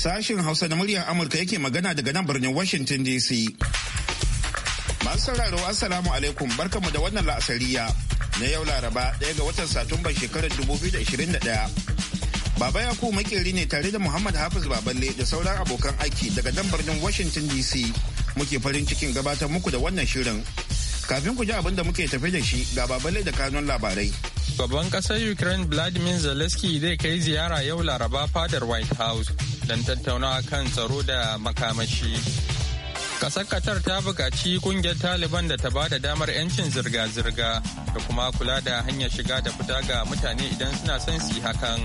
Sashen Hausa na muryar Amurka yake magana daga nan birnin Washington DC. Masu sauraro Assalamu alaikum mu da wannan la'asariya na yau Laraba ɗaya ga watan Satumban shekarar 2021. Baba Yaku makeri ne tare da Muhammad Hafiz Baballe da sauran abokan aiki daga nan birnin Washington DC muke farin cikin gabatar muku da wannan shirin. Kafin ku ji abin da muke tafi da shi ga Baballe da kanun labarai. Gaban ƙasar Ukraine Vladimir Zelensky zai kai ziyara yau Laraba fadar White House don tattaunawa kan tsaro da makamashi. Kasar Qatar ta buƙaci kungiyar Taliban da ta ba da damar 'yancin zirga-zirga da kuma kula da hanyar shiga da fita ga mutane idan suna son su hakan.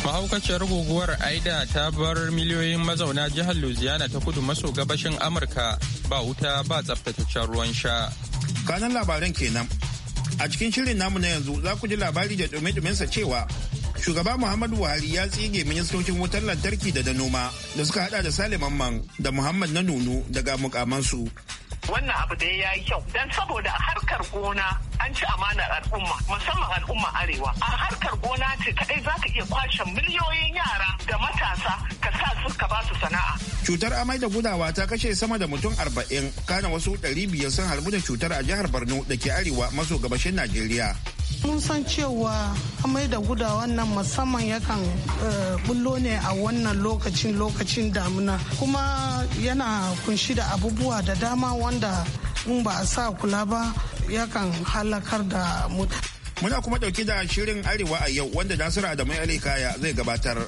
Mahaukaciyar guguwar Aida ta bar miliyoyin mazauna jihar Louisiana ta kudu maso gabashin Amurka ba wuta ba tsaftataccen ruwan sha. Kanan labaran kenan. A cikin shirin namu na yanzu za ku ji labari da dume-dumensa cewa shugaba muhammadu buhari ya tsige ministocin wutar lantarki da da noma da suka hada da sale mamman da muhammad na nunu daga mukamansu wannan abu da ya yi kyau don saboda harkar gona an ci amanar al'umma musamman al'umma arewa a harkar gona ce kadai za ka iya kwashe miliyoyin yara da matasa ka sa su ka ba su sana'a cutar amai da gudawa ta kashe sama da mutum arba'in kana wasu ɗari biyar sun harbu da cutar a jihar borno da ke arewa maso gabashin najeriya mun san cewa amai da gudawa nan musamman yakan eh, bullo ne a wannan lokacin lokacin damina kuma yana kunshi da abubuwa da dama wanda in ba a sa kula ba yakan halakar da mutane. Muna kuma dauke da shirin Arewa a yau wanda Nasiru Adamu Ali Kaya zai gabatar.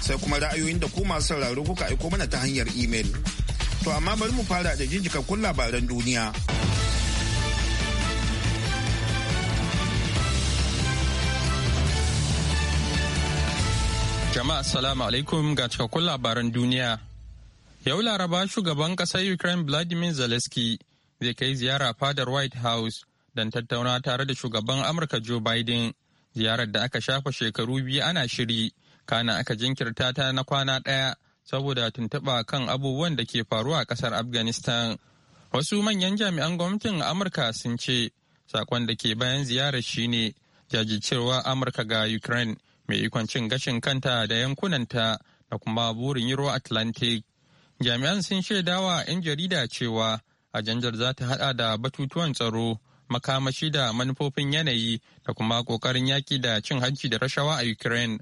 Sai kuma ra'ayoyin da kuma masu sauraro kuka aiko mana ta hanyar imel. To amma bari mu fara da jinjikan kun labaran duniya. Jama'a salamu alaikum ga cikakkun labaran duniya. Yau Laraba shugaban ƙasar Ukraine Vladimir Zelensky zai kai ziyara fadar White House don tattauna tare da shugaban Amurka Joe Biden. Ziyarar da aka shafa shekaru biyu ana shiri, kana aka jinkirta ta na kwana ɗaya saboda tuntuɓa kan abubuwan da ke faruwa a ƙasar Afghanistan. Wasu manyan jami'an gwamnatin Amurka sun ce, sakon da ke bayan ziyarar shine jajircewa Amurka ga Ukraine mai ikon cin gashin kanta da yankunanta da kuma burin Euro Atlantic. Jami'an sun shaidawa 'yan jarida cewa Ajanjar za ta hada da batutuwan tsaro makamashi da manufofin yanayi da kuma kokarin yaki da cin hanci da rashawa a ukraine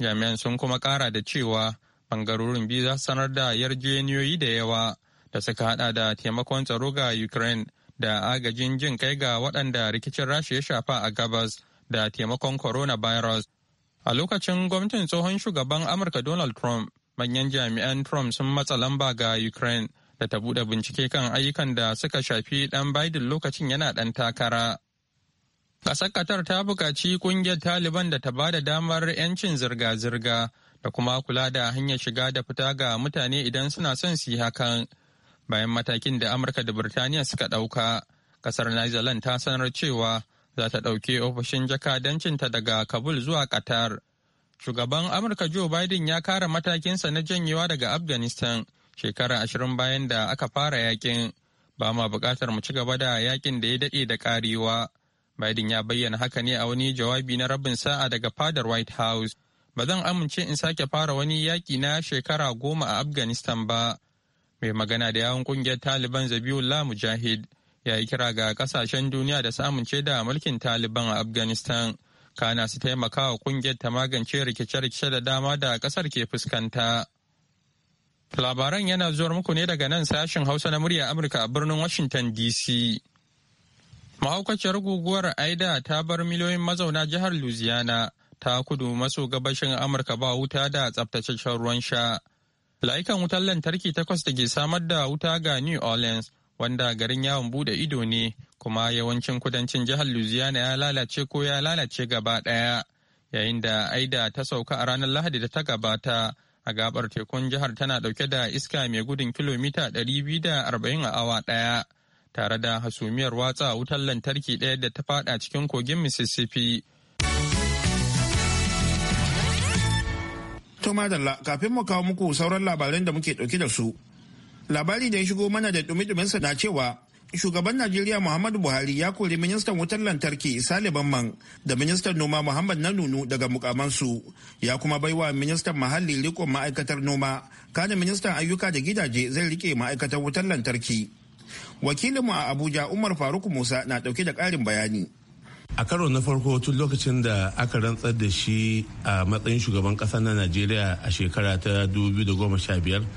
jami'an sun kuma ƙara da cewa bangarorin biyu za su sanar da yarjejeniyoyi da yawa da suka hada da taimakon tsaro ga ukraine da agajin jin kai ga waɗanda rikicin rasha ya shafa a gabas da taimakon coronavirus a lokacin gwamnatin tsohon shugaban amurka donald trump manyan jami'an trump sun matsa lamba ga ukraine da ta buɗe bincike kan ayyukan da suka shafi ɗan Biden lokacin yana ɗan takara. Ƙasar Qatar ta buƙaci ƙungiyar Taliban da ta ba da damar 'yancin zirga-zirga da kuma kula da hanyar shiga da fita ga mutane idan suna son su yi hakan. Bayan matakin da Amurka da Birtaniya suka ɗauka, ƙasar Netherlands ta sanar cewa za ta ɗauke ofishin jakadancinta daga Kabul zuwa Qatar. Shugaban Amurka Joe Biden ya kara matakinsa na janyewa daga Afghanistan shekara ashirin bayan da aka fara yakin ba ma bukatar mu ci gaba da yakin da ya daɗe da karewa biden ya bayyana haka ne a wani jawabi na rabin sa'a daga fadar white house ba zan amince in sake fara wani yaki na shekara goma a afghanistan ba mai magana da yawon ƙungiyar taliban zabiullah mujahid ya yi kira ga kasashen duniya da su amince da mulkin taliban a afghanistan kana su taimakawa wa kungiyar ta magance rikice-rikice da dama da ƙasar ke fuskanta Labaran yana zuwar muku ne daga nan sashen Hausa na murya Amurka a birnin Washington DC. Mahaukaciyar guguwar Aida ta bar miliyoyin mazauna jihar Louisiana ta kudu maso gabashin Amurka ba wuta da tsaftataccen ruwan sha. Layukan wutar lantarki takwas da ke samar da wuta ga New Orleans wanda garin yawon bude ido ne kuma yawancin kudancin jihar Louisiana ya lalace ko ya lalace gaba ɗaya yayin da Aida ta sauka a ranar Lahadi da ta gabata. a gabar tekun jihar tana dauke da iska mai gudun kilomita 240 a awa daya tare da hasumiyar watsa wutar lantarki ɗaya da ta fada cikin kogin mississippi to madalla kafin mu kawo muku sauran labaran da muke dauke da su labari da ya shigo mana da dumi-duminsa na cewa shugaban Najeriya Muhammadu Buhari ya kori ministan wutar lantarki Sale Bamman da ministan noma Muhammad Nanunu daga mukamansu ya kuma baiwa ministan muhalli rikon ma'aikatar noma kada ministan ayyuka da gidaje zai rike ma'aikatar wutar lantarki. Wakilinmu a Abuja Umar Faruk Musa na dauke da karin bayani. a karo na farko tun lokacin da aka rantsar da shi a matsayin shugaban ƙasa na najeriya a shekara ta 2015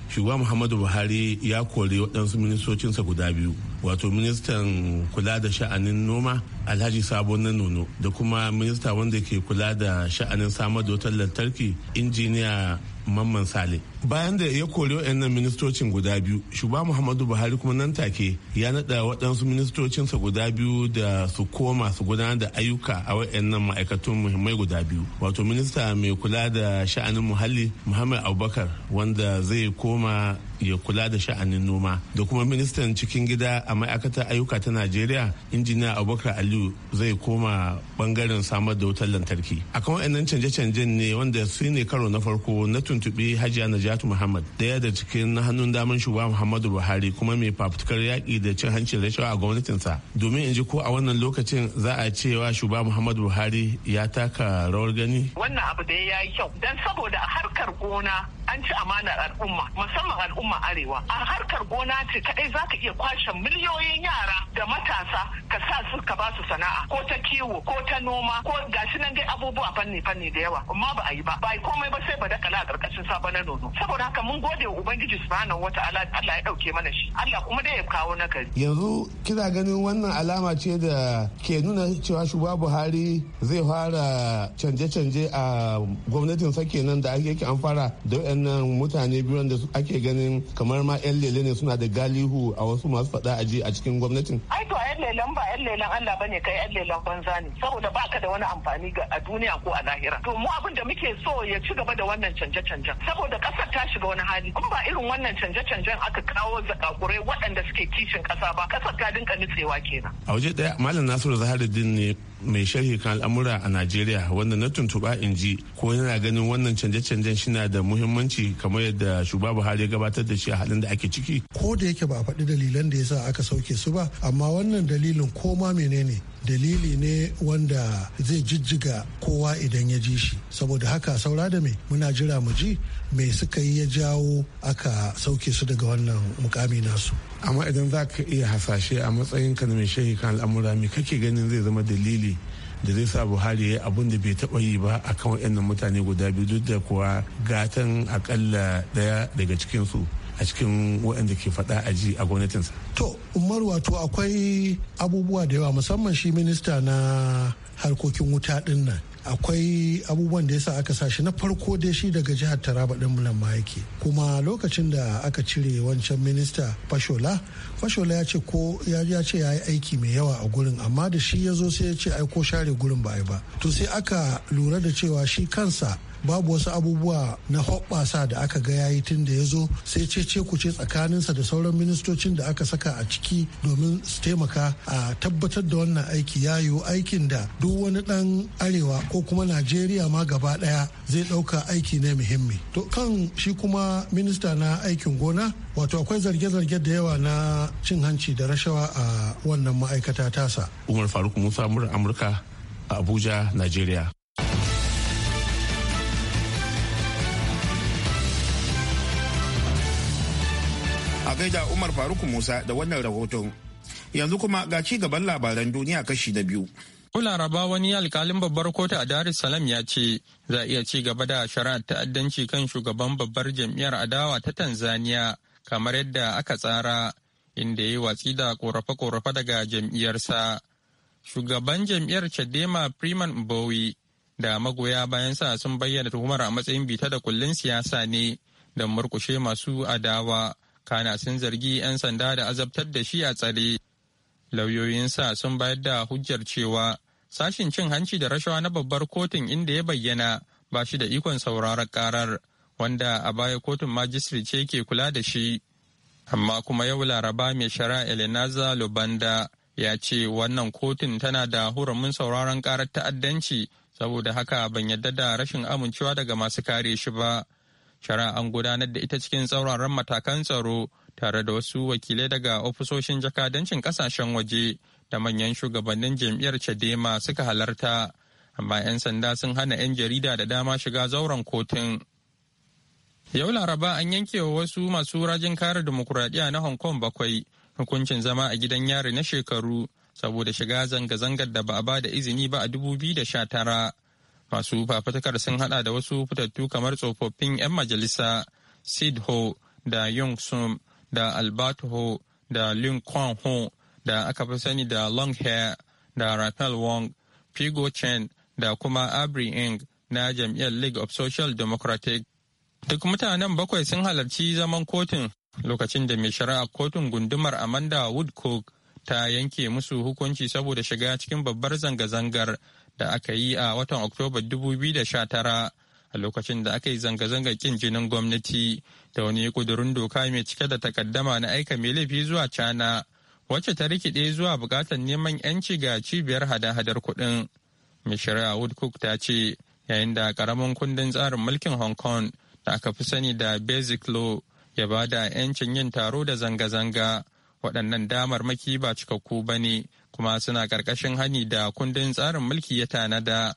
Shugaban muhammadu buhari ya kori waɗansu ministocinsa guda biyu wato ministan kula da sha'anin noma alhaji Sabo na nono da kuma minista wanda ke kula da sha'anin samar da wutar lantarki injiniya mamman sale bayan da ya kori waɗannan ministocin guda biyu Shuba muhammadu buhari kuma nan take ya naɗa waɗansu ministocinsa guda biyu da su koma su gudanar da ayyuka a waɗannan ma'aikatun muhimmai guda biyu wato minista mai kula da sha'anin muhalli muhammad abubakar wanda zai koma ya kula da sha'anin noma da kuma ministan cikin gida a ma'aikatar ayyuka ta najeriya injiniya abubakar aliyu zai koma bangaren samar da wutar lantarki a kan wa'annan canje-canjen ne wanda su ne karo na farko na tuntuɓi hajiya najatu muhammad daya da cikin hannun daman shugaba muhammadu buhari kuma mai fafutukar yaƙi da cin hancin rashawa a gwamnatinsa domin in ji ko a wannan lokacin za a cewa shugaba muhammadu buhari ya taka rawar gani wannan abu da ya yi kyau dan saboda harkar gona an ci amanar al'umma musamman al'umma arewa a harkar gona ce kadai zaka iya kwashe miliyoyin yara da matasa ka sa su ka ba su sana'a ko ta kiwo ko ta noma ko gashi nan dai abubuwa fanni fanni da yawa amma ba a yi ba ba yi komai ba sai ba da kala a karkashin sabon na nono saboda haka mun gode wa ubangiji subhanahu wataala Allah ya dauke mana shi Allah kuma dai ya kawo na yanzu kina ganin wannan alama ce da ke nuna cewa shugaba Buhari zai fara canje-canje a gwamnatin sa kenan da ake an fara da waɗannan mutane biyu da ake ganin kamar ma 'yan lele ne suna da galihu a wasu masu faɗa ji a cikin gwamnatin? Ai to 'yan lelen ba 'yan lelen Allah bane kai 'yan lelen banza ne saboda ba ka da wani amfani ga a duniya ko a lahira. To mu abin da muke so ya ci gaba da wannan canje-canjen saboda kasar ta shiga wani hali kun ba irin wannan canje-canjen aka kawo zakakurai waɗanda suke kishin ƙasa ba kasar ta dinka nutsewa kenan. A waje ɗaya Malam Nasiru Zaharuddin ne mai sharhi kan al'amura a najeriya wanda na tuntuɓa in ji ko yana ganin wannan canje-canjen shina da muhimmanci kamar yadda shugaba buhari ya gabatar da shi a halin da ake ciki ko da yake ba a faɗi dalilan da yasa aka sauke su ba amma wannan dalilin koma menene dalili ne wanda zai jijjiga kowa idan ya ji shi saboda haka saura da mai muna jira mu ji mai suka yi ya jawo aka sauke su daga wannan mukami nasu amma idan za ka iya hasashe a matsayin ka na mai shehi kan al'amura me kake ganin zai zama dalili da zai sa buhari ya abun da bai taɓa yi ba akan waɗannan mutane guda biyu duk da kuwa gatan akalla ɗaya daga cikinsu a cikin waɗanda ke faɗa a ji a gwamnatinsa. To, Umar wato akwai abubuwa da yawa musamman shi minista na harkokin wuta ɗin nan. akwai abubuwan da ya sa aka sa shi na farko dai shi daga jihar taraba ɗin nan ma yake kuma lokacin da aka cire wancan minista fashola fashola ya ce ko ya ce ya aiki mai yawa a gurin amma da shi ya zo sai ya ce ai ko share gurin ba ai ba to sai aka lura da cewa shi kansa babu wasu abubuwa na hoɓɓasa da aka ga yayi tun da ya zo sai cece ku ce tsakaninsa da sauran ministocin da aka saka a ciki domin su taimaka a tabbatar da wannan aiki ya yiwu aikin da duk wani ɗan arewa ko kuma najeriya ma gaba ɗaya zai ɗauka aiki ne muhimmi to kan shi kuma minista na aikin gona wato akwai zarge-zarge da yawa na cin hanci da rashawa a wannan ma'aikata tasa umar faruk musa murar amurka a abuja najeriya A gaida Umar Faruk Musa da wannan rahoton. Yanzu kuma ga ci gaban labaran duniya kashi da biyu. Ko laraba wani alkalin babbar kotu a Dar es Salaam ya ce za a iya ci gaba da shari'ar ta'addanci kan shugaban babbar jam'iyyar adawa ta Tanzania kamar yadda aka tsara inda ya yi watsi da korafe-korafe daga jam'iyyarsa. Shugaban jam'iyyar Chadema Freeman bowie da magoya sa sun bayyana tuhumar a matsayin bita da kullun siyasa ne da murkushe masu adawa kana sun zargi 'yan sanda da azabtar da shi a tsare lauyoyinsa sun bayar da hujjar cewa sashin cin hanci da rashawa na babbar kotun inda ya bayyana ba shi da ikon sauraron karar wanda a baya kotun majistri ce ke kula da shi amma kuma yau laraba mai shara elenaza lubanda ya ce wannan kotun tana da hurumin sauraron karar ta'addanci saboda haka ban yadda da rashin amincewa daga masu kare shi ba shari'a an gudanar da ita cikin tsauraran matakan tsaro tare da wasu wakilai daga ofisoshin jakadancin kasashen waje da manyan shugabannin jam'iyyar chadema suka halarta amma 'yan sanda sun hana 'yan jarida da dama shiga zauren kotun yau laraba an yanke wa wasu masu rajin kare dimokuraɗiyya na hong kong bakwai hukuncin zama a gidan yari na shekaru saboda shiga zanga-zangar da ba a ba da izini ba a 2019 masu fafatakar sun hada da wasu fitattu kamar tsofaffin 'yan majalisa sid ho da yong sum da albert ho da lin kwan ho da aka fi sani da long hair da rafael wong pigo chen da kuma abri ing na jam'iyyar league of social democratic duk mutanen bakwai sun halarci zaman kotun lokacin da mai shari'a kotun gundumar amanda woodcock ta yanke musu hukunci saboda shiga cikin babbar zanga-zangar da aka yi a watan Oktoba 2019 a lokacin da aka yi zanga-zanga kin jinin gwamnati da wani kudurin doka mai cike da takaddama na aika mai laifi zuwa Cana wacce ta rikide zuwa bukatar neman 'yanci ga cibiyar hada-hadar kuɗin. Mishra Woodcock ta ce yayin da karamin kundin tsarin mulkin Hong Kong da aka fi sani da Basic Law ya ba da 'yancin yin taro da zanga-zanga waɗannan damar maki ba cikakku ba ne kuma suna ƙarƙashin hani da kundin tsarin mulki ya tanada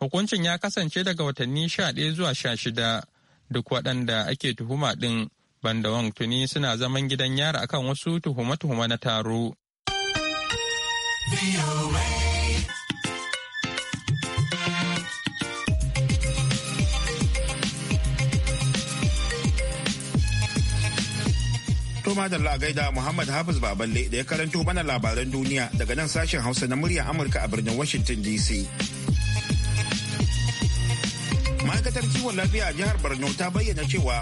hukuncin ya kasance daga watanni sha ɗaya zuwa sha shida duk waɗanda ake tuhuma ɗin banda wang tuni suna zaman gidan yara akan wasu tuhume-tuhume na taro. To madalla gaida Muhammad Hafiz Baballe da ya karanto mana labaran duniya daga nan sashen Hausa na murya Amurka a birnin Washington DC. Ma'aikatar kiwon lafiya a jihar Borno ta bayyana cewa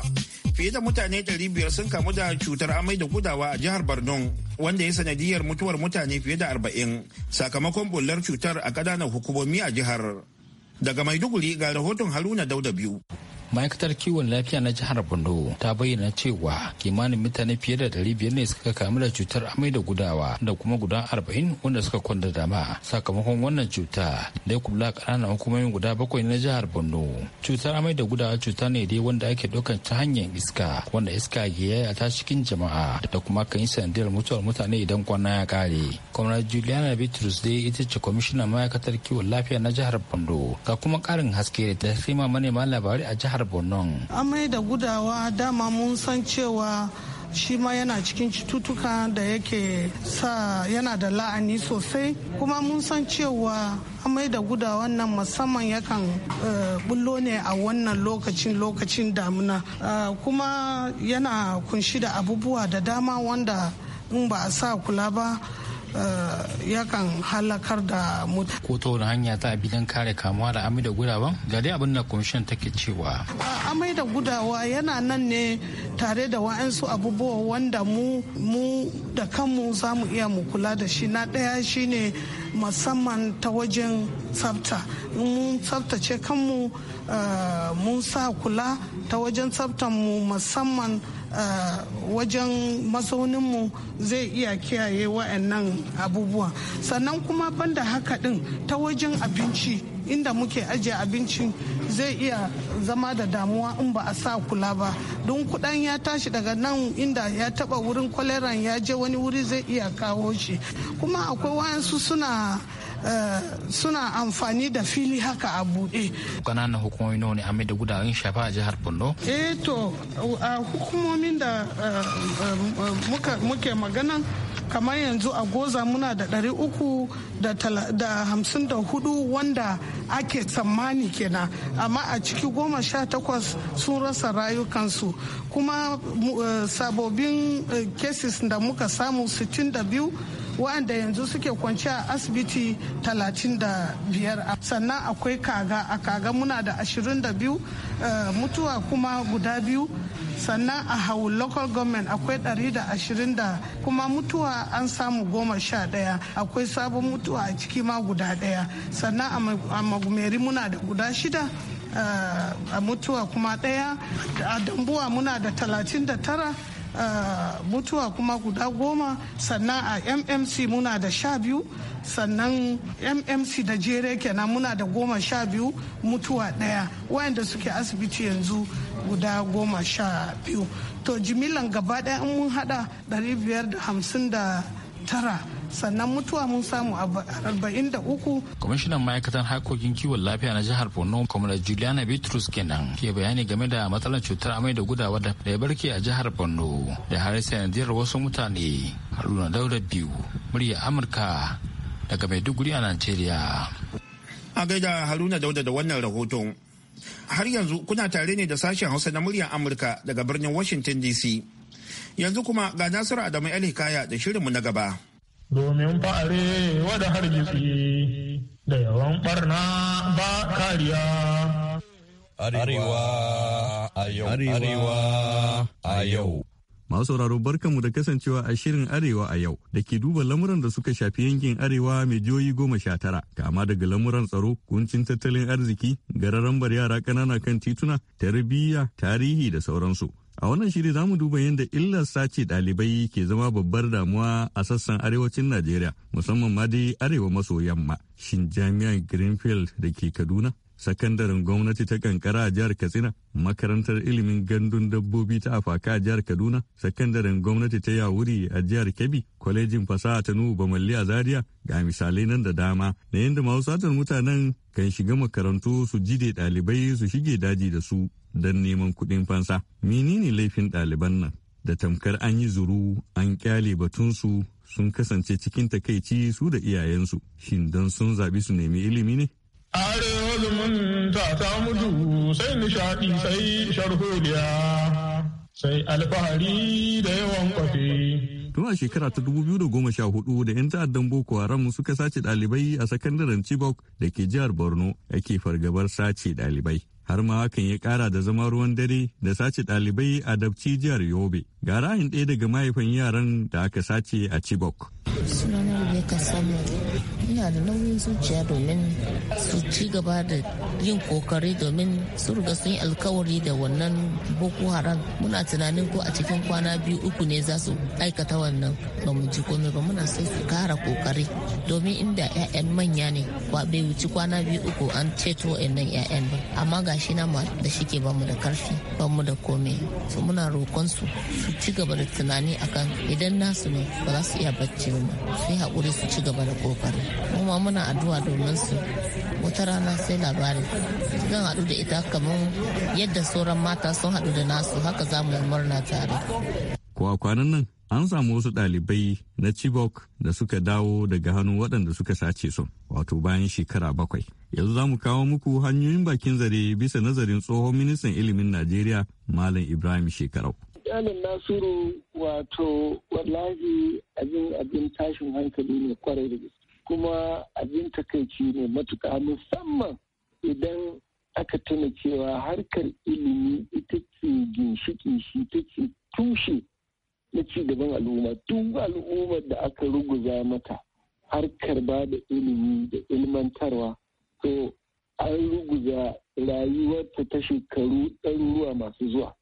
fiye da mutane 500 sun kamu da cutar amai da gudawa a jihar Borno wanda ya sanadiyar mutuwar mutane fiye da 40 sakamakon bullar cutar a ƙananan hukumomi a jihar. Daga Maiduguri ga rahoton Haruna Dauda biyu. ma'aikatar kiwon lafiya na jihar borno ta bayyana cewa kimanin mutane fiye da ɗari biyar ne suka kamu da cutar amai da gudawa da kuma guda arba'in wanda suka kwanda dama sakamakon wannan cuta da kula kananan hukumomin guda bakwai na jihar borno cutar amai da gudawa cuta ne dai wanda ake ɗaukar ta hanyar iska wanda iska ke ta cikin jama'a da kuma kan yi sanadiyar mutuwar mutane idan kwana ya kare kwamnar juliana bitrus dai ita ce kwamishinan ma'aikatar kiwon lafiya na jihar bondo ga kuma karin haske da ta manema labarai a jihar jihar amai da gudawa dama mun san cewa shi ma yana cikin cututtuka da yake sa yana da la'ani sosai kuma mun san cewa amai da gudawa nan musamman yakan eh, bullo ne a wannan lokacin lokacin damuna eh, kuma yana kunshi da abubuwa da dama wanda in ba a sa kula ba Eh, yakan halakar da mutane. ko ta wani hanya ta abi don kare kamuwa da amai da gudawa ga dai abin da kwamishin take cewa eh, amai da gudawa yana nan ne tare da wa'ansu abubuwa wanda mu da kanmu za mu iya mu kula da shi na ɗaya shine musamman ta wajen tsafta mun tsaftace kanmu eh, mun sa kula ta wajen mu musamman wajen mu zai iya kiyaye wa'annan abubuwa sannan kuma banda haka din ta wajen abinci inda muke ajiye abincin zai iya zama da damuwa in ba a sa kula ba don kudan ya tashi daga nan inda ya taba wurin kwaleran ya je wani wuri zai iya kawo shi kuma akwai wayansu suna Eh, suna amfani da fili haka a buɗe. Ƙananan hukumomi nawa ne Ahmed da gudawan shafa a jihar Borno? Eh to a hukumomin da eh, eh, muke magana kamar yanzu a goza muna da ɗari uku da hamsin da hudu wanda ake tsammani kenan amma a ciki goma sha takwas sun rasa rayukansu kuma sabobin cases da muka samu 62 waɗanda yanzu suke kwanci a asibiti 35 sannan akwai kaga a kaga muna da 22 eh, mutuwa kuma guda biyu sannan a hau local government akwai 120 da kuma mutuwa an samu goma sha daya akwai sabon mutuwa a ciki ma guda daya sannan a magumeri muna da guda shida eh, a mutuwa kuma daya a dambuwa muna da 39 Ah, mutuwa kuma guda goma sannan a mmc muna da sha biyu sannan mmc da jere kenan muna da goma sha biyu mutuwa daya wayanda suke asibiti yanzu guda goma sha biyu to jimillan gaba daya mun hada 550 tara sannan mutuwa mun samu arba'in da uku. kwamishinan ma'aikatan harkokin kiwon lafiya na jihar borno kwamar juliana bitrus kenan ke bayani game da matsalar cutar amai da gudawa da ya barke a jihar borno da har sanadiyar wasu mutane haruna daura biyu murya amurka daga maiduguri a nigeria a gaida haruna dauda da wannan rahoton har yanzu kuna tare ne da sashen hausa na muryar amurka daga birnin washington dc yanzu kuma ga nasiru adamu alhikaya da shirinmu na gaba domin fa'are wada hargitsi da yawan barna ba kariya arewa a yau arewa Masu sauraro barkanmu da kasancewa a shirin Arewa a yau da ke duba lamuran da suka shafi yankin Arewa mai jihohi goma sha tara kama daga lamuran tsaro, kuncin tattalin arziki, gararambar yara ƙanana kan tituna, tarbiyya, tarihi da sauransu. A wannan shiri za mu duba yadda illar sace ɗalibai ke zama babbar damuwa a sassan arewacin Najeriya, musamman ma dai arewa maso yamma. Shin jami'an Greenfield da ke Kaduna sakandaren gwamnati ta kankara a jihar katsina makarantar ilimin gandun dabbobi ta afaka a jihar kaduna sakandaren gwamnati ta yawuri a jihar kebbi kwalejin fasaha ta nuhu bamalli a zaria ga misalai nan da dama na yadda masu mutanen kan shiga makarantu su jide ɗalibai su shige daji da su don neman kuɗin fansa menene laifin ɗaliban nan da tamkar an yi zuru an kyale batunsu sun kasance cikin takaici su da iyayensu shin don sun zaɓi su nemi ilimi ne Are zumunta ta mutu sai nishaɗi sai sharholiya sai alfahari da yawan kwafe. tun a shekara ta 2014 da 'yan ta'addan boko haram suka sace dalibai a sakandaren chibok da ke jihar borno ake fargabar sace dalibai har ma hakan ya kara da zama ruwan dare da sace dalibai a dabci jihar yobe ga ra'ayin ɗaya daga mahaifin yaran da aka sace a chibok suna da nauyin zuciya domin su ci gaba da yin kokari domin su riga sun yi alkawari da wannan boko haram muna tunanin ko a cikin kwana biyu uku ne za su aikata wannan ba mu ji komai ba muna sai su kara kokari domin inda 'ya'yan manya ne ba bai wuci kwana biyu uku an ceto wa'annan 'ya'yan ba amma ga shi na da shi ke bamu da karfi bamu da komai su muna roƙon su su ci gaba da tunani akan idan nasu ne ba za su iya bacci ba su yi haƙuri su ci gaba da kokari kuma muna addu'a domin su wata rana sai labari zan haɗu da ita kamar yadda sauran mata sun haɗu da nasu haka za mu murna tare ko a kwanan nan an samu wasu ɗalibai na Chibok da suka dawo daga hannu waɗanda suka sace su wato bayan shekara bakwai. Yanzu za mu kawo muku hanyoyin bakin zare bisa nazarin tsohon ministan ilimin Najeriya Malam Ibrahim Shekarau. yalin Nasiru wato wallahi abin abin tashin hankali ne kwarai da gaske. kuma abin takaici ne matuka musamman idan aka tuna cewa harkar ilimi ita ce ginshikin shi ta ce tushe na cigaban al'umma duk al'ummar da aka ruguza mata harkar ba da ilimi da ilmantarwa to an ruguza rayuwarta ta shekaru ɗaruruwa masu zuwa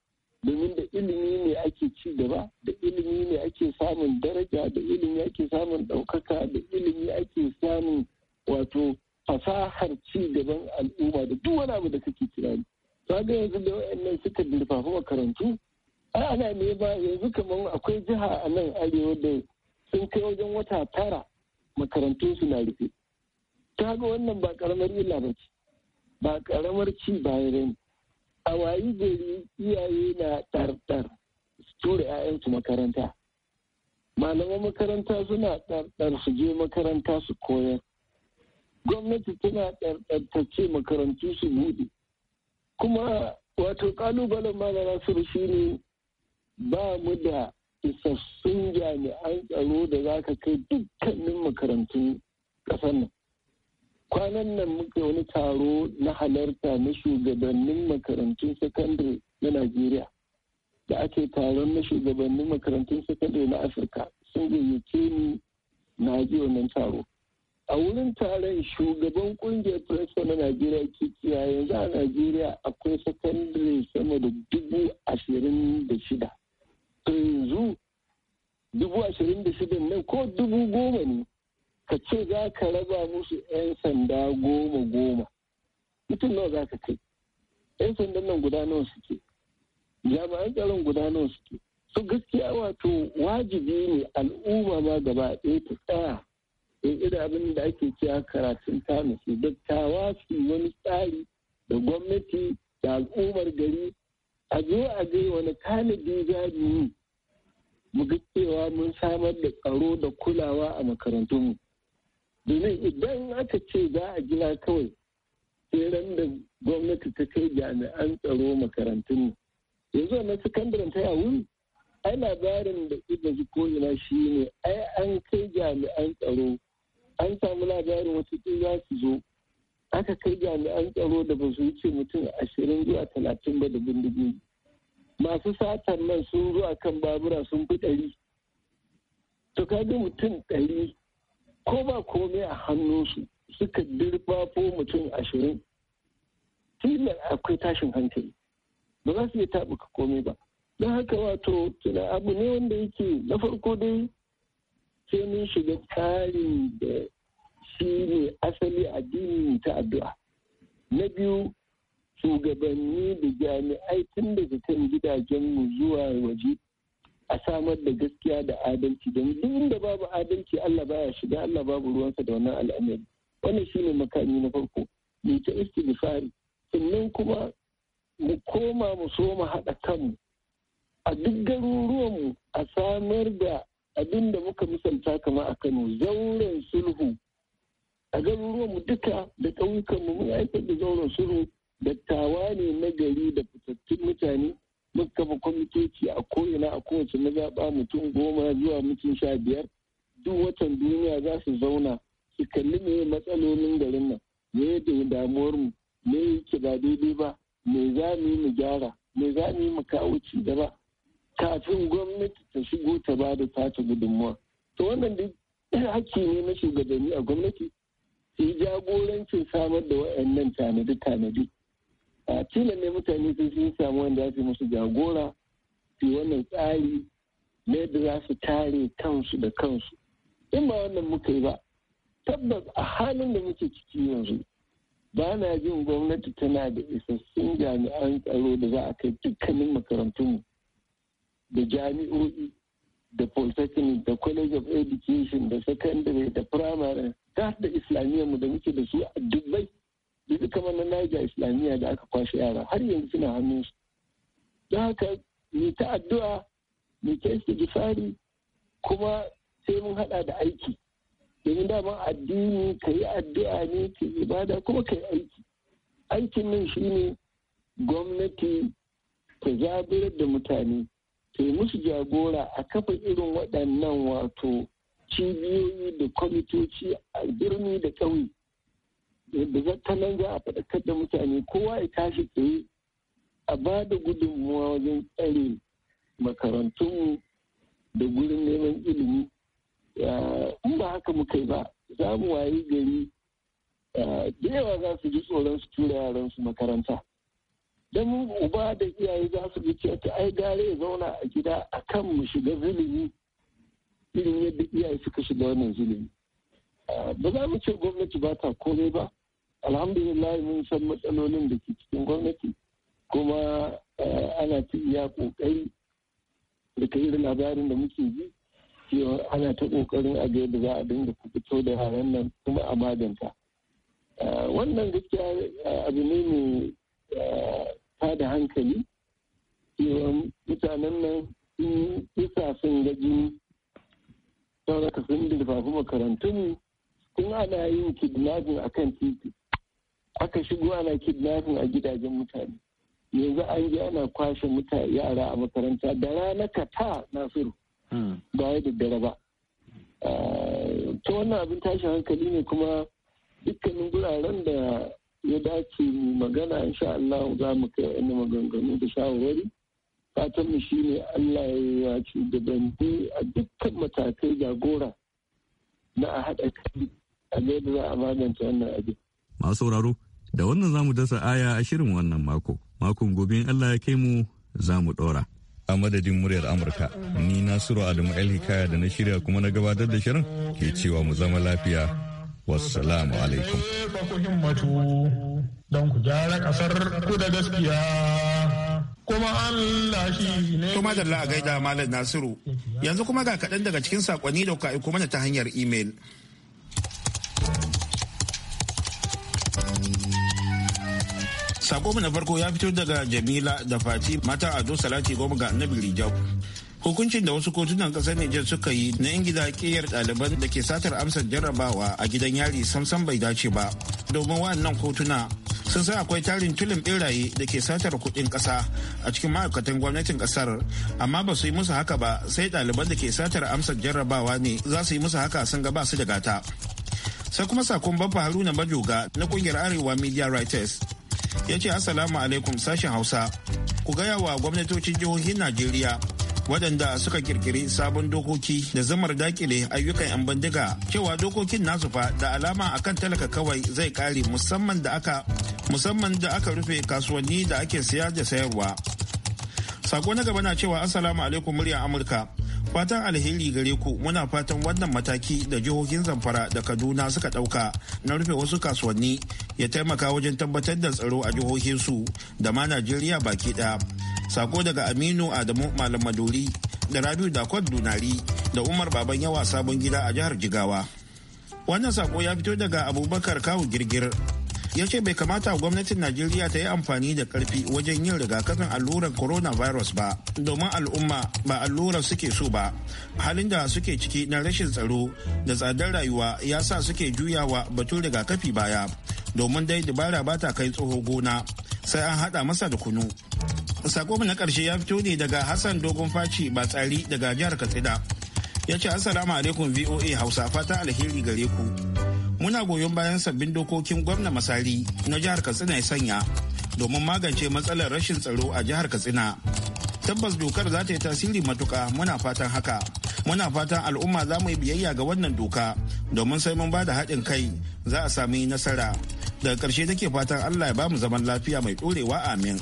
domin da ilimi ne ake ci gaba da ilimi ne ake samun daraja da ilimi ake samun ɗaukaka da ilimi ake samun wato fasahar ci gaban al'umma da duk wani abu da kake tunani ga yanzu da wayannan suka dirfafa makarantu ai ana ba yanzu kamar akwai jiha a nan arewa da sun kai wajen wata tara makarantu su na rufe ta ga wannan ba karamar illa ba ce ba karamar ci bayan ne a wayi gari iyaye na ɗarɗar tura 'ya'yansu makaranta malaman makaranta suna ɗarɗar su je makaranta su koyar gwamnati tana tartar ta ce makarantu su buɗe kuma wato ƙalubalen su suru shine ba mu da isassun jami'an tsaro da za ka kai dukkanin makarantun ƙasar nan kwanan nan muka wani taro na halarta na shugabannin makarantun sakandare na najeriya da ake taron na shugabannin makarantun sakandare na afirka sun gayyace ni na ji wannan taro a wurin taron shugaban kungiyar presto na najeriya kikiya yanzu a najeriya akwai sakandare sama da dubu ashirin da shida to yanzu dubu ashirin da shida ne ko dubu goma ne ka ce za ka raba musu 'yan sanda goma goma mutum nawa za ka kai 'yan sandan nan guda nawa suke jami'an tsaron guda nawa suke su gaskiya wato wajibi ne al'umma ma gaba ɗaya ta tsaya da ida abin da ake cewa karatun tanisi dattawa su wani tsari da gwamnati da al'ummar gari a zo a je wani tanadi za yi mu ga cewa mun samar da tsaro da kulawa a makarantunmu domin idan aka ce za a gina kawai tseren da gwamnati ta kai jami'an tsaro makarantun yanzu na sakandaren ta yawun ai labarin da ina ji ko ina shi ne ai an kai jami'an tsaro an samu labarin wata za su zo aka kai jami'an tsaro da ba su wuce mutum ashirin zuwa talatin ba da bindigi masu satan nan sun zo akan babura sun fi ɗari to kaga mutum ɗari ko ba komai a hannunsu suka dirfafo mutum ashirin tilar akwai tashin hankali ba za su iya taɓuka komai ba don haka wato suna abu ne wanda yake na farko dai sai mun shiga tsarin da shi ne asali addini ta addu'a na biyu shugabanni da jami'ai tun daga kan gidajenmu zuwa waje a samar da gaskiya da adalci don duk inda babu adalci Allah baya shiga Allah babu ruwansa da wannan al'amari wannan shine makami na farko mu ta istighfari sannan kuma mu koma mu so mu haɗa kanmu a duk garuruwanmu a samar da abin da muka misalta kama a Kano zauren sulhu a garuruwanmu duka da ƙauyukanmu mun aikata da zauren sulhu dattawa ne na gari da fitattun mutane kafa kwamitoci a ko'ina a kowace mazaɓa mutum goma zuwa mutum sha biyar duk watan duniya za su zauna su kalli me matsalolin garin nan me da damuwar mu me yake ba daidai ba me za mu yi mu gyara me za mu yi mu kawo ci gaba kafin gwamnati ta shigo ta ba da tata gudunmuwa to wannan duk hakki ne na shugabanni a gwamnati su jagorancin samar da waɗannan tanadi-tanadi a tilan ne mutane sun sun samu wanda ya fi musu jagora fi wannan tsari na yadda za su tare kansu da kansu in ba wannan muka yi ba tabbas a halin da muke ciki yanzu ba na jin gwamnati tana da isassun jami'an tsaro da za a kai dukkanin makarantunmu da jami'o'i da polytechnic da college of education da secondary da primary ta da mu da muke da su a dubbai yanzu kamar na Niger Islamiyya da aka kwashe yara har yanzu suna hannun su. Don haka ni ta addu'a ni ta istighfari kuma sai mun hada da aiki. Domin daman addini ka yi addu'a ne ka yi ibada kuma ka yi aiki. Aikin nan ne gwamnati ta zaburar da mutane ta yi musu jagora a kafa irin waɗannan wato cibiyoyi da kwamitoci a birni da ƙauye. da ta nan za a faɗakar da mutane kowa ya tashi tsaye a ba da gudunmuwa wajen tsare makarantunmu da gurin neman ilimi ah, in ba haka muka yi ba za mu wayi gari ah, da yawa za su ji tsoron su tura yaran su makaranta don uba da iyaye za su ji cewa ai gare ya zauna a gida a kan mu shiga zilimi irin yadda iyaye suka shiga wannan zilimi ah, ba za mu ce gwamnati ba ta komai ba alhamdulillah mun san matsalolin da ke cikin gwamnati kuma eh, ana ta iya kokari da ta irin labarin da muke ji cewa ana ta kokarin a ga yadda za a dinga fito da yaran nan kuma a maganta eh, wannan gaskiya eh, abu ne mai ta da hankali cewa mutanen nan sun isa sun gaji sauraka sun dirfafi makarantun kuma ana yin kidnapping kan titi aka shigo ana kidnapping a gidajen mutane yanzu an je ana kwashe mutane yara a makaranta da rana kata nasiru hmm. ba ya daddare ba ah, ta wannan abin tashi hankali ne kuma dukkanin guraren da ya dace mu magana insha Allah za mu kai wani maganganu da shawarwari fatan mu shine Allah ya wace da bande a dukkan matakai jagora na a haɗa kai a da za a magance wannan abin masu sauraro da wannan zamu dasa aya a shirin wannan mako makon gobe in Allah ya kai mu za mu ɗora. a madadin muryar amurka ni nasiru adamu hikaya da na shirya kuma na gabatar da shirin ke cewa mu zama lafiya wassalamu alaikum don da gaskiya kuma Allah shi ne kuma da a gaida malam nasiru yanzu kuma ga kaɗan daga cikin sakonni da kuka aiko mana ta hanyar imel. sako na farko ya fito daga jamila da fati mata ado salati goma ga annabi rijau hukuncin da wasu kotunan kasar Nijar suka yi na yan gida keyar ɗaliban da ke satar amsar jarrabawa a gidan yari samsam bai dace ba domin wannan kotuna sun san akwai tarin tulin beraye da ke satar kuɗin ƙasa a cikin ma'aikatan gwamnatin ƙasar amma ba su yi musu haka ba sai ɗaliban da ke satar amsar jarrabawa ne za su yi musu haka sun ga ba su da gata sai kuma sakon babba haruna majoga na kungiyar arewa media writers ya ce assalamu alaikum sashen hausa ku gaya wa gwamnatocin jihohin najeriya waɗanda suka kirkiri sabon dokoki da zamar dakile ayyukan 'yan bindiga cewa dokokin nasu fa da alama akan talaka kawai zai kare musamman da aka musamman da aka rufe kasuwanni da ake siya da sayarwa sako na gaba na cewa assalamu alaikum murya amurka Fatan alheri gare ku muna fatan wannan mataki da jihohin Zamfara da Kaduna suka ɗauka na rufe wasu kasuwanni ya taimaka wajen tabbatar da tsaro a jihohinsu da ma Najeriya baki ɗaya. Sako daga Aminu Adamu Malam Maduri da Rabiu Dakon Dunari da Umar Baban Yawa Sabon Gida a jihar Jigawa. Wannan sako ya fito daga Abubakar Kawu Girgir ya ce bai kamata gwamnatin najeriya ta yi amfani da karfi wajen yin rigakafin allurar coronavirus ba domin al'umma ba allurar suke so ba halin da suke ciki na rashin tsaro da tsadar rayuwa ya sa suke juyawa batun rigakafi baya domin dai dabara ba ta kai tsoho gona sai an hada masa da kunu sako na karshe ya fito ne daga hassan dogon faci ba tsari daga jihar katsina ya ce assalamu alaikum voa hausa fata alheri gare ku muna goyon bayan sabbin dokokin gwamna masari na jihar katsina ya sanya domin magance matsalar rashin tsaro a jihar katsina tabbas dokar za ta yi tasiri matuka muna fatan haka muna fatan al'umma za mu yi biyayya ga wannan doka domin sai mun ba da haɗin kai za a sami nasara daga ƙarshe take fatan allah ya ba mu zaman lafiya mai ɗorewa amin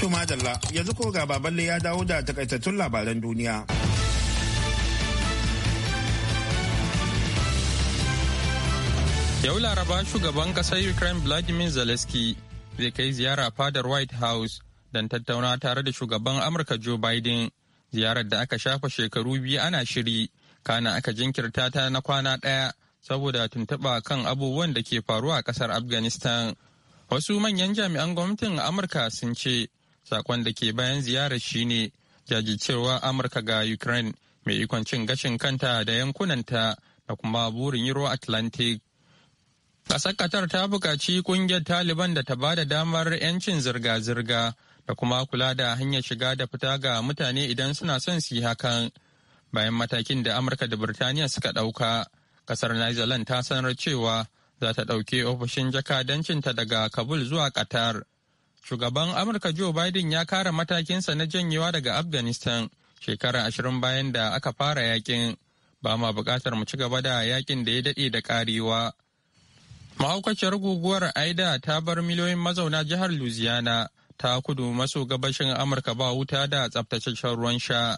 To madalla yanzu ko ga baballe ya dawo da takaitattun labaran duniya. Yau Laraba shugaban ƙasar Ukraine Vladimir Zelensky zai kai ziyara fadar White House don tattauna tare da shugaban Amurka Joe Biden. Ziyarar da aka shafa shekaru biyu ana shiri, kana aka jinkirta ta na kwana ɗaya saboda tuntuɓa kan abubuwan da ke faruwa a ƙasar Afghanistan. Wasu manyan jami'an gwamnatin Amurka sun ce sakon da ke bayan ziyarar shine jajircewa amurka ga ukraine mai ikon cin gashin kanta da yankunanta da kuma burin euro atlantic ƙasar qatar ta buƙaci ƙungiyar taliban da ta ba da damar 'yancin zirga-zirga da kuma kula da hanyar shiga da fita ga mutane idan suna son su yi hakan bayan matakin da amurka da birtaniya suka ɗauka ƙasar nigeria ta sanar cewa za ta ɗauke ofishin jakadancinta daga kabul zuwa qatar Shugaban Amurka Joe Biden ya kara matakinsa na janyewa daga Afghanistan shekara ashirin bayan da aka fara yakin. Ba ma bukatar mu ci gaba da yakin da ya daɗe da ƙarewa. Mahaukaciyar guguwar Aida ta bar miliyoyin mazauna jihar Louisiana ta kudu maso gabashin Amurka ba wuta da tsaftataccen ruwan sha.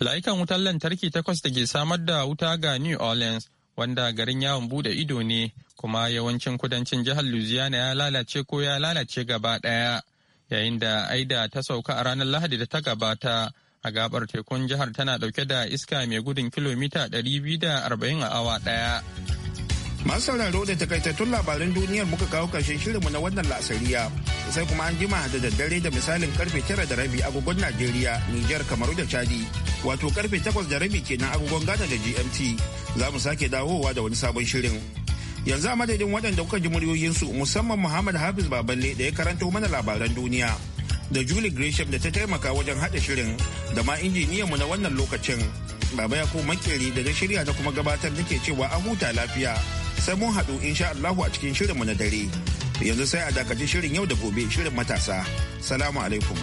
la'ikan wutar lantarki takwas da ke samar da wuta ga New Orleans wanda garin yawon bude ido ne kuma yawancin kudancin jihar Louisiana ya lalace ko ya lalace gaba daya yayin da aida ta sauka a ranar Lahadi da ta gabata a gabar tekun jihar tana dauke da iska mai gudun kilomita 240 a awa daya. Masu sauraro da takaitattun labaran duniyar muka kawo karshen shirinmu na wannan la'asariya sai kuma an jima da daddare da misalin karfe tara da rabi agogon Najeriya, niger Kamaru da Chadi. wato karfe takwas da rabi kenan agogon gada da GMT za mu sake dawowa da wani sabon shirin. Yanzu a madadin waɗanda kuka ji muryoyinsu musamman Muhammad Hafiz Baballe da ya karanto mana labaran duniya da Julie Gresham da ta taimaka wajen haɗa shirin da ma injiniyanmu na wannan lokacin. Baba ya kuma makeri da na shirya na kuma gabatar nake cewa an huta lafiya sai mun haɗu insha Allahu a cikin shirinmu na dare. Yanzu sai a dakaci shirin yau da gobe shirin matasa. Salamu alaikum.